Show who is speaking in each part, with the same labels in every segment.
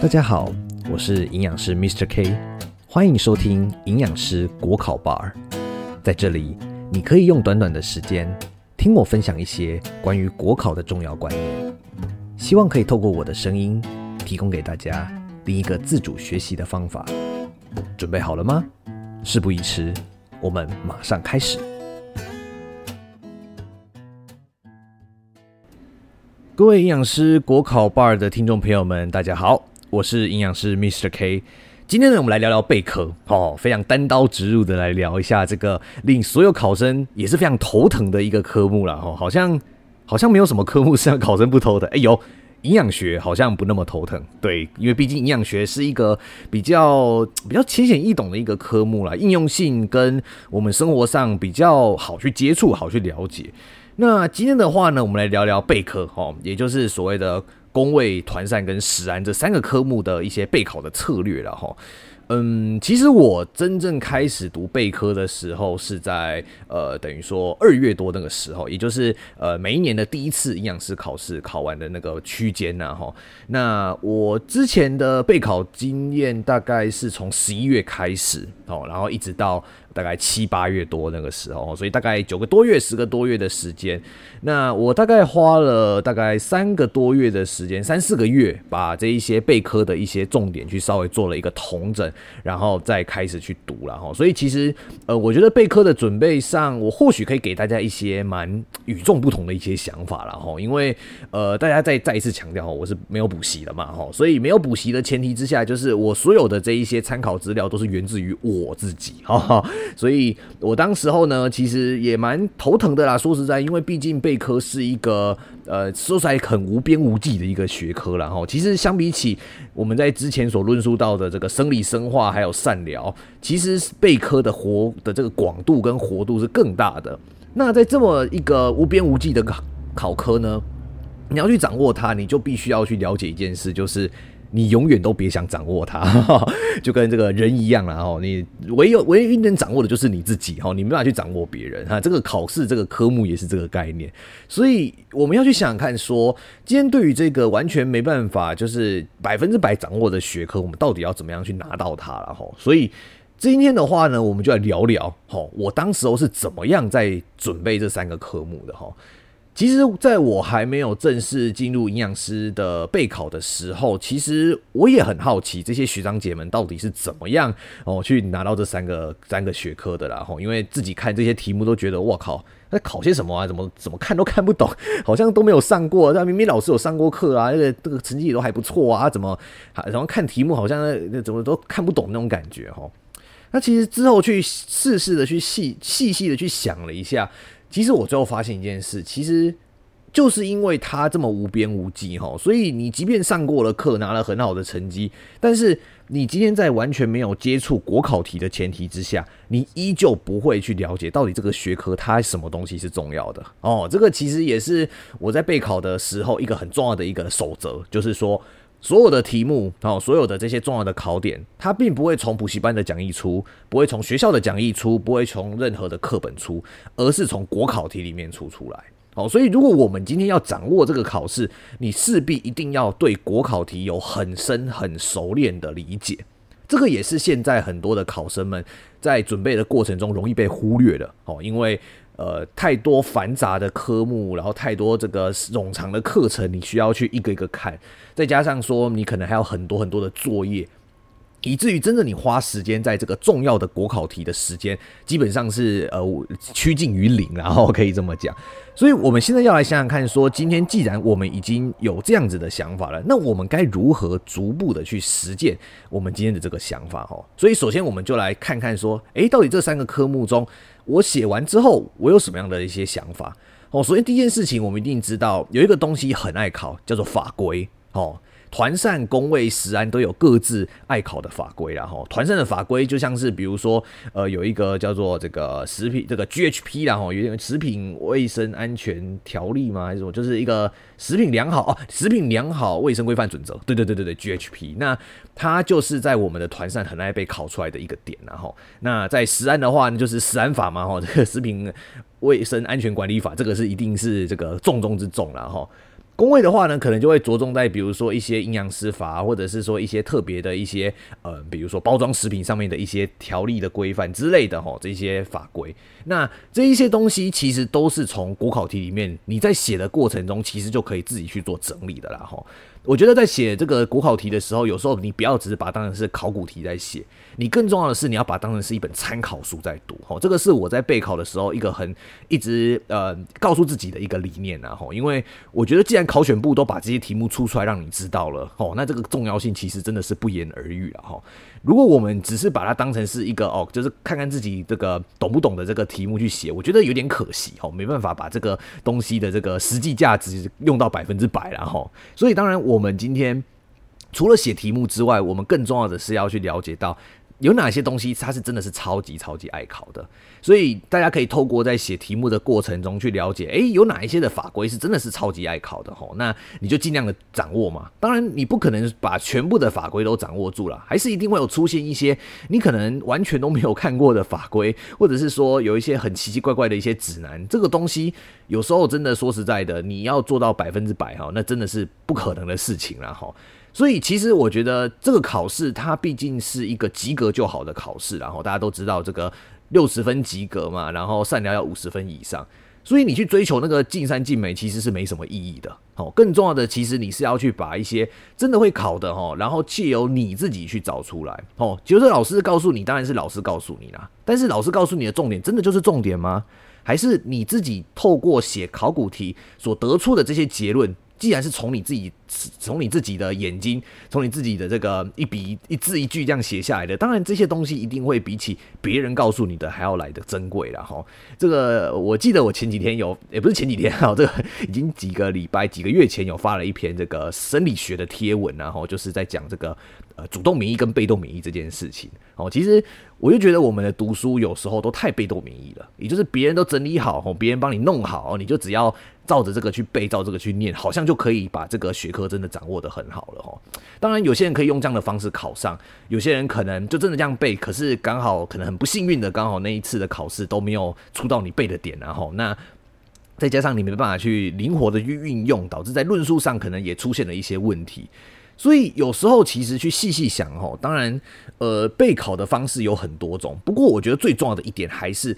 Speaker 1: 大家好，我是營養師 Mr. K，歡迎收聽營養師國考 bar。在這裡，你可以用短短的時間聽我分享一些關於國考的重要觀念，希望可以透過我的聲音，提供給大家另一個自主學習的方法。準備好了嗎？事不宜遲，我們馬上開始。各位營養師國考 bar 的聽眾朋友們，大家好。我是營養師 Mr. K，今天呢，我們來聊聊背科，哦，非常單刀直入的來聊一下這個令所有考生也是非常頭疼的一個科目了，哦，好像好像沒有什麼科目是讓考生不頭疼，哎、欸、呦，營養學好像不那麼頭疼，對，因為畢竟營養學是一個比較比較淺顯易懂的一個科目啦，應用性跟我們生活上比較好去接觸，好去了解。那今天的話呢，我們來聊聊背科，哦，也就是所謂的。公衛、團膳跟食安這三個科目的一些備考的策略了哈，嗯，其實我真正開始讀備科的時候是在呃，等於說二月多那個時候，也就是呃每一年的第一次營養師考試考完的那個區間呢哈。那我之前的備考經驗大概是從十一月開始哦，然後一直到。大概七八月多那個時候，所以大概九個多月、十個多月的時間，那我大概花了大概三個多月的時間，三四個月，把這一些背科的一些重點去稍微做了一個統整，然後再開始去讀了哈。所以其實，呃，我覺得背科的準備上，我或許可以給大家一些蠻與眾不同的一些想法了哈。因為，呃，大家再再一次強調，我是沒有補習的嘛哈，所以沒有補習的前提之下，就是我所有的這一些參考資料都是源自於我自己哈。呵呵所以我當時候呢，其實也蠻頭疼的啦。說實在，因為畢竟背科是一個呃，說出來很無邊無際的一個學科了哈。其實相比起我們在之前所論述到的這個生理生化還有善療，其實背科的活的這個廣度跟活度是更大的。那在這麼一個無邊無際的考科呢，你要去掌握它，你就必須要去了解一件事，就是。你永遠都別想掌握它， 就跟這個人一樣了哈。你唯有唯一能掌握的就是你自己哈，你沒辦法去掌握別人哈。這個考試這個科目也是這個概念，所以我們要去想想看說，說今天對於這個完全沒辦法就是百分之百掌握的學科，我們到底要怎麼樣去拿到它了哈。所以今天的話呢，我們就來聊聊哈，我當時候是怎麼樣在準備這三個科目的哈。其實，在我還沒有正式進入營養師的備考的時候，其實我也很好奇這些學長姐們到底是怎麼樣哦去拿到這三個三個學科的啦。哈，因為自己看這些題目都覺得，哇靠，那考些什麼啊？怎麼怎麼看都看不懂，好像都沒有上過，但明明老師有上過課啊，這個這個成績也都還不錯啊，怎麼然後看題目好像那那怎麼都看不懂那種感覺哈。那其實之後去試試的去細細細的去想了一下。其實我最後發現一件事，其實就是因為它這麼無邊無際哈，所以你即便上過了課，拿了很好的成績，但是你今天在完全沒有接觸國考題的前提之下，你依舊不會去了解到底這個學科它什麼東西是重要的哦。這個其實也是我在備考的時候一個很重要的一個守則，就是說。所有的題目哦，所有的這些重要的考點，它並不會從補習班的講義出，不會從學校的講義出，不會從任何的課本出，而是從國考題裡面出出來。哦，所以如果我們今天要掌握這個考試，你勢必一定要對國考題有很深、很熟練的理解。這個也是現在很多的考生們在準備的過程中容易被忽略的哦，因為。呃，太多繁雜的科目，然後太多這個冗長的課程，你需要去一個一個看，再加上說你可能還有很多很多的作業，以至於真正你花時間在這個重要的國考題的時間，基本上是呃趨近於零，然後可以這麼講。所以我們現在要來想想看說，說今天既然我們已經有這樣子的想法了，那我們該如何逐步的去實踐我們今天的這個想法？哈，所以首先我們就來看看說，誒，到底這三個科目中。我寫完之後，我有什麼樣的一些想法？哦，首先第一件事情，我們一定知道有一個東西很愛考，叫做法規。哦。團膳公衛、食安都有各自愛考的法規啦吼，團膳的法規就像是比如說，呃，有一個叫做這個食品這個 GHP 啦，吼，有點食品衛生安全條例嘛還是什麼，就是一個食品良好啊、哦，食品良好衛生規範準則，對對對對對 GHP，那它就是在我們的團膳很愛被考出來的一個點。然後，那在食安的話呢，就是食安法嘛，吼，這個食品衛生安全管理法這個是一定是這個重中之重，然後。公衛的話呢，可能就會着重在比如說一些營養師法，或者是說一些特別的一些呃，比如說包裝食品上面的一些條例的規範之類的吼，這些法規。那這一些東西其實都是從國考題裡面，你在寫的過程中，其實就可以自己去做整理的啦。哈，我覺得在寫這個國考題的時候，有時候你不要只是把它當成是考古題在寫，你更重要的是你要把它當成是一本參考書在讀。哈，這個是我在備考的時候一個很一直呃告訴自己的一個理念啦。哈，因為我覺得既然考選部都把這些題目出出來讓你知道了，哈，那這個重要性其實真的是不言而喻了。哈。如果我們只是把它當成是一個哦，就是看看自己這個懂不懂的這個題目去寫，我覺得有點可惜哦，沒辦法把這個東西的這個實際價值用到百分之百了哈。所以，當然我們今天除了寫題目之外，我們更重要的是要去了解到。有哪些東西它是真的是超級超級愛考的，所以大家可以透過在寫題目的過程中去了解，誒、欸，有哪一些的法規是真的是超級愛考的吼，那你就儘量的掌握嘛。當然，你不可能把全部的法規都掌握住了，還是一定會有出現一些你可能完全都沒有看過的法規，或者是說有一些很奇奇怪怪的一些指南。這個東西有時候真的說實在的，你要做到百分之百哈，那真的是不可能的事情了哈。所以其實我覺得這個考試它畢竟是一個及格就好的考試，然後大家都知道這個六十分及格嘛，然後申論要五十分以上，所以你去追求那個盡善盡美其實是沒什麼意義的。好，更重要的其實你是要去把一些真的會考的然後借由你自己去找出來。哦，就是老師告訴你，當然是老師告訴你啦，但是老師告訴你的重點真的就是重點嗎？還是你自己透過寫考古題所得出的這些結論？既然是從你自己、從你自己的眼睛、從你自己的這個一筆、一字一句這樣寫下來的，當然這些東西一定會比起別人告訴你的還要來得珍貴了哈。這個我記得我前幾天有，也、欸、不是前幾天哈、喔，這個已經幾個禮拜、幾個月前有發了一篇這個生理學的貼文、啊齁，然後就是在講這個呃主動免疫跟被動免疫這件事情。哦，其實我就覺得我們的讀書有時候都太被動免疫了，也就是別人都整理好，別人幫你弄好，你就只要。照着這個去背，照這個去念，好像就可以把這個學科真的掌握得很好了哈。當然，有些人可以用這樣的方式考上，有些人可能就真的這樣背，可是剛好可能很不幸運的，剛好那一次的考試都沒有出到你背的點啊，然後那再加上你沒辦法去靈活的去運用，導致在論述上可能也出現了一些問題。所以有時候其實去細細想哈，當然，呃，備考的方式有很多種，不過我覺得最重要的一點還是。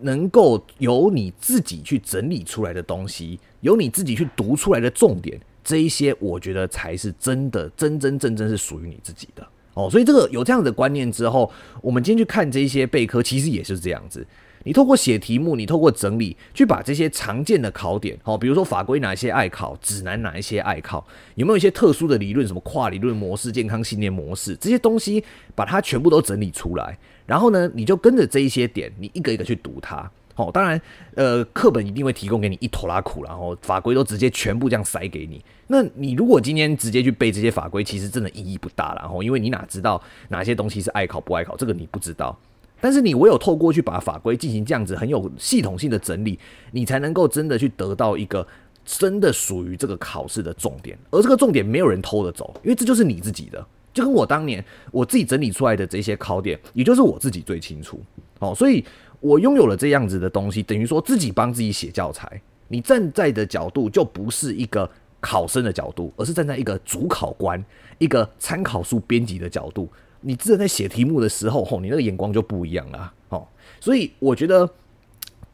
Speaker 1: 能夠由你自己去整理出來的東西，由你自己去讀出來的重點，這一些我覺得才是真的，真真正正是屬於你自己的哦。所以這個有這樣的觀念之後，我們今天去看這些背科，其實也是這樣子。你透過寫題目，你透過整理，去把這些常見的考點，好，比如說法規哪一些愛考，指南哪一些愛考，有沒有一些特殊的理論，什麼跨理論模式、健康信念模式這些東西，把它全部都整理出來。然後呢，你就跟着這一些點，你一個一個去讀它。好，當然，呃，課本一定會提供給你一坨拉苦，然後法規都直接全部這樣塞給你。那你如果今天直接去背這些法規，其實真的意義不大了，然後因為你哪知道哪些東西是愛考不愛考，這個你不知道。但是你唯有透過去把法規進行這樣子很有系統性的整理，你才能夠真的去得到一個真的屬於這個考試的重點，而這個重點沒有人偷得走，因為這就是你自己的。就跟我當年我自己整理出來的這些考點，也就是我自己最清楚哦。所以，我擁有了這樣子的東西，等於說自己幫自己寫教材。你站在的角度就不是一個考生的角度，而是站在一個主考官、一個參考書編輯的角度。你自己在寫題目的時候，吼，你那個眼光就不一樣了，吼，所以我覺得。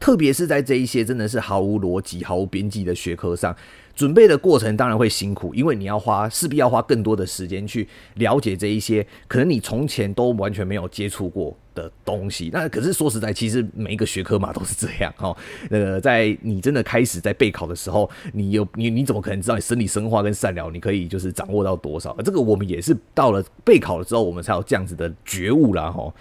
Speaker 1: 特別是在這一些真的是毫無邏輯、毫無邊際的學科上，準備的過程當然會辛苦，因為你要花，勢必要花更多的時間去了解這一些可能你從前都完全沒有接觸過的東西。那可是說實在，其實每一個學科嘛都是這樣哦。那個在你真的開始在備考的時候，你有你你怎麼可能知道你生理生化跟膳療，你可以就是掌握到多少？這個我們也是到了備考了之後，我們才有這樣子的覺悟啦。哈、哦。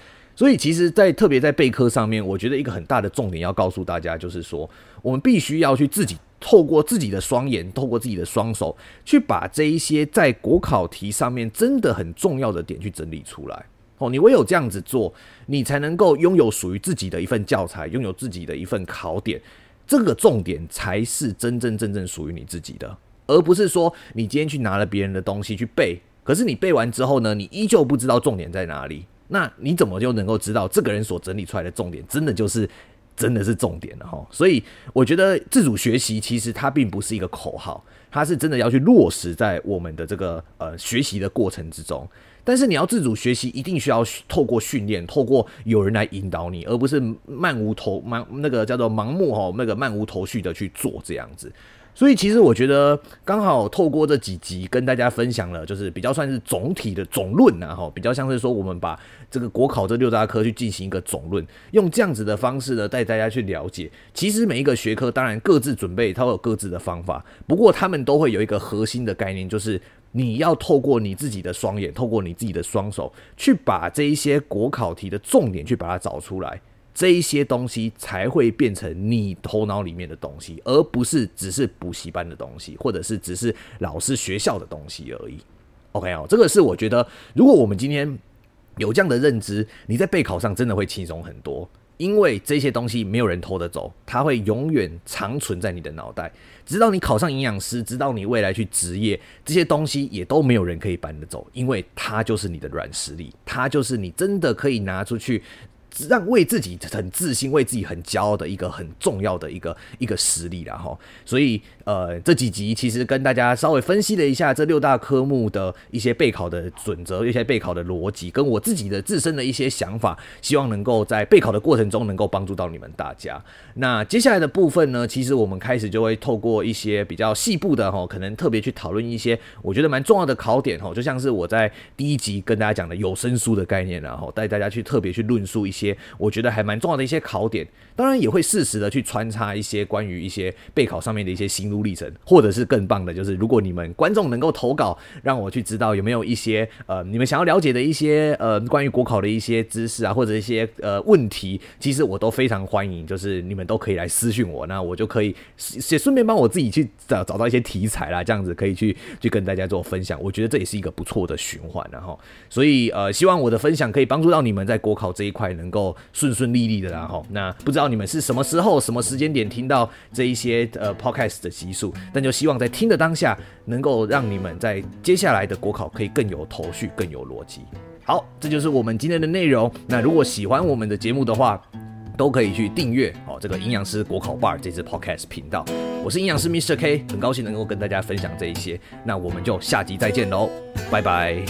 Speaker 1: 所以，其實，在特別在背科上面，我覺得一個很大的重點要告訴大家，就是說，我們必須要去自己透過自己的雙眼，透過自己的雙手，去把這一些在國考題上面真的很重要的點去整理出來。哦，你唯有這樣子做，你才能夠擁有屬於自己的一份教材，擁有自己的一份考點。這個重點才是真真正正屬於你自己的，而不是說你今天去拿了別人的東西去背，可是你背完之後呢，你依舊不知道重點在哪裡。那你怎麼就能夠知道這個人所整理出來的重點，真的就是真的是重點了、哦、哈？所以我覺得自主學習其實它並不是一個口號，它是真的要去落實在我們的這個呃學習的過程之中。但是你要自主學習，一定需要透過訓練，透過有人來引導你，而不是漫無頭盲，那個叫做盲目吼、哦，那個漫無頭緒的去做這樣子。所以其實我覺得剛好透過這幾集跟大家分享了，就是比較算是總體的總論啊，齁，比較像是說我們把這個國考這六大科去進行一個總論，用這樣子的方式呢帶大家去了解。其實每一個學科當然各自準備，它會有各自的方法，不過他們都會有一個核心的概念，就是你要透過你自己的雙眼，透過你自己的雙手去把這一些國考題的重點去把它找出來。這一些東西才會變成你頭腦裡面的東西，而不是只是補習班的東西，或者是只是老師學校的東西而已。OK 哦，這個是我覺得，如果我們今天有這樣的認知，你在備考上真的會輕鬆很多，因為這些東西沒有人偷得走，它會永遠長存在你的腦袋，直到你考上營養師，直到你未來去職業，這些東西也都沒有人可以搬得走，因為它就是你的軟實力，它就是你真的可以拿出去。讓為自己很自信，為自己很驕傲的一個很重要的一個一個實力了哈。所以呃，這幾集其實跟大家稍微分析了一下這六大科目的一些備考的準則、一些備考的邏輯，跟我自己的自身的一些想法，希望能夠在備考的過程中能夠幫助到你們大家。那接下來的部分呢，其實我們開始就會透過一些比較細部的哈，可能特別去討論一些我覺得蠻重要的考點哈，就像是我在第一集跟大家講的有聲書的概念啦，然後帶大家去特別去論述一些。些我覺得還蠻重要的一些考點，當然也會適時的去穿插一些關於一些備考上面的一些心路歷程，或者是更棒的，就是如果你們觀眾能夠投稿，讓我去知道有沒有一些呃你們想要了解的一些呃關於國考的一些知識啊，或者一些呃問題，其實我都非常歡迎，就是你們都可以來私信我，那我就可以順便幫我自己去找找到一些題材啦，這樣子可以去去跟大家做分享，我覺得這也是一個不錯的循環啊，然後所以呃希望我的分享可以幫助到你們在國考這一塊能。夠順順利利的、啊，啦。那不知道你們是什麼時候、什麼時間點聽到這一些呃 podcast 的集數，但就希望在聽的當下能夠讓你們在接下來的國考可以更有頭緒、更有邏輯。好，這就是我們今天的內容。那如果喜歡我們的節目的話，都可以去訂閱哦這個“營養師國考吧”這支 podcast 頻道。我是營養師 Mr.K，很高興能夠跟大家分享這一些。那我們就下集再見嘍，拜拜。